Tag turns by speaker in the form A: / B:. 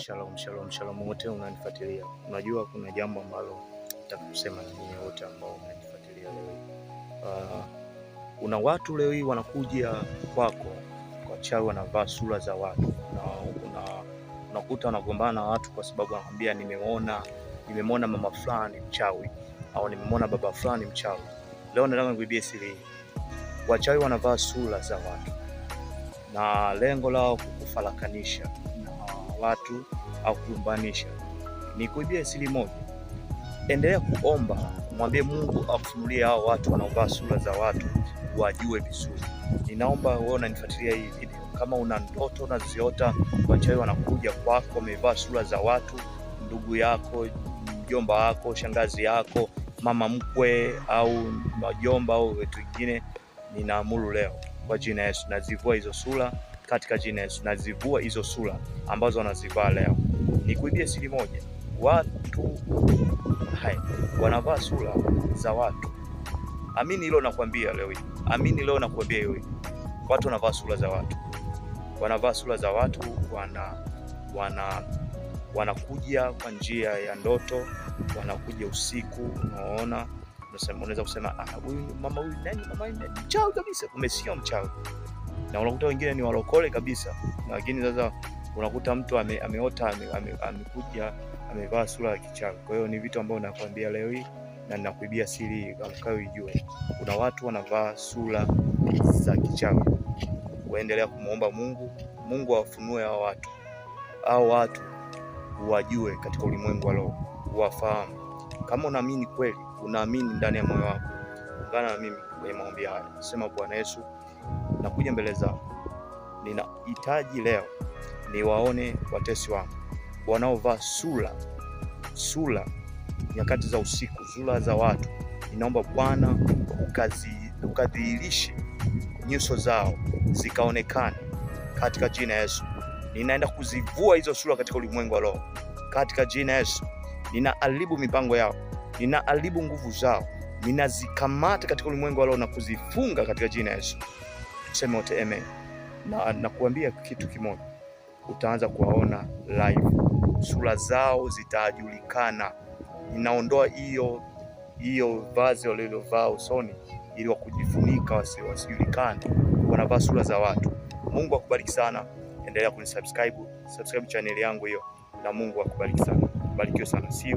A: Shalom, shalom, shalom wote unanifuatilia. Unajua kuna jambo ambalo nataka kusema na nyinyi wote ambao mnanifuatilia leo hii. Uh, ah, una watu leo hii wanakuja kwako kwa chawi, wanavaa sura za watu na kuna unakuta wanagombana na watu kwa sababu wanakwambia nimeona nimemwona mama fulani mchawi au nimemwona baba fulani mchawi. Leo nataka nikuibie siri hii, wachawi wanavaa sura za watu na lengo lao kukufarakanisha na watu au kuumbanisha ni kuibia asili moja. Endelea kuomba, mwambie Mungu akufunulie hao watu wanaovaa sura za watu, wajue vizuri. Ninaomba wewe unanifuatilia hii video, kama una ndoto unaziota, wachawi wanakuja kwako wamevaa sura za watu, ndugu yako, mjomba wako, shangazi yako, mama mkwe au majomba au wetu wengine, ninaamuru leo kwa jina Yesu. Nazivua hizo sura katika jina Yesu, nazivua hizo sura ambazo wanazivaa leo. Nikuibie siri moja, watu hai wanavaa sura za watu. Amini hilo, nakwambia leo hii, amini leo, nakwambia hiyo, watu wanavaa sura za watu, wanavaa sura za watu, wana wana wanakuja kwa njia ya ndoto, wanakuja usiku, unaona unaweza kusema ah, huyu mama huyu nani, mama huyu nani, mchawi kabisa, kumbe sio mchawi. Na unakuta wengine ni walokole kabisa, na wengine sasa unakuta mtu ame, ameota amekuja ame amevaa sura ya kichawi. Kwa hiyo ni vitu ambavyo nakwambia leo hii na ninakuibia siri amkayo ijue, kuna watu wanavaa sura za kichawi. Waendelea kumwomba Mungu, Mungu awafunue hao watu, au watu wajue katika ulimwengu wa roho, wafahamu kama unaamini kweli, unaamini ndani ya moyo wako, ungana na mimi kwenye maombi haya. Sema, Bwana Yesu, nakuja mbele zako, ninahitaji leo niwaone watesi wangu wanaovaa sura sura nyakati za usiku, sura za watu. Ninaomba Bwana ukadhihirishe nyuso zao zikaonekane katika jina Yesu. Ninaenda kuzivua hizo sura katika ulimwengu wa roho katika jina Yesu ninaharibu mipango yao, ninaharibu nguvu zao, ninazikamata katika ulimwengu wa roho na kuzifunga katika jina Yesu. Tuseme wote amen. Na nakuambia kitu kimoja, utaanza kuwaona live, sura zao zitajulikana. Ninaondoa hiyo hiyo vazi walilovaa usoni ili wakujifunika wasijulikane, wanavaa sura za watu. Mungu akubariki sana, endelea kunisubscribe, subscribe channel yangu hiyo, na Mungu akubariki sana. Barikiu sana, see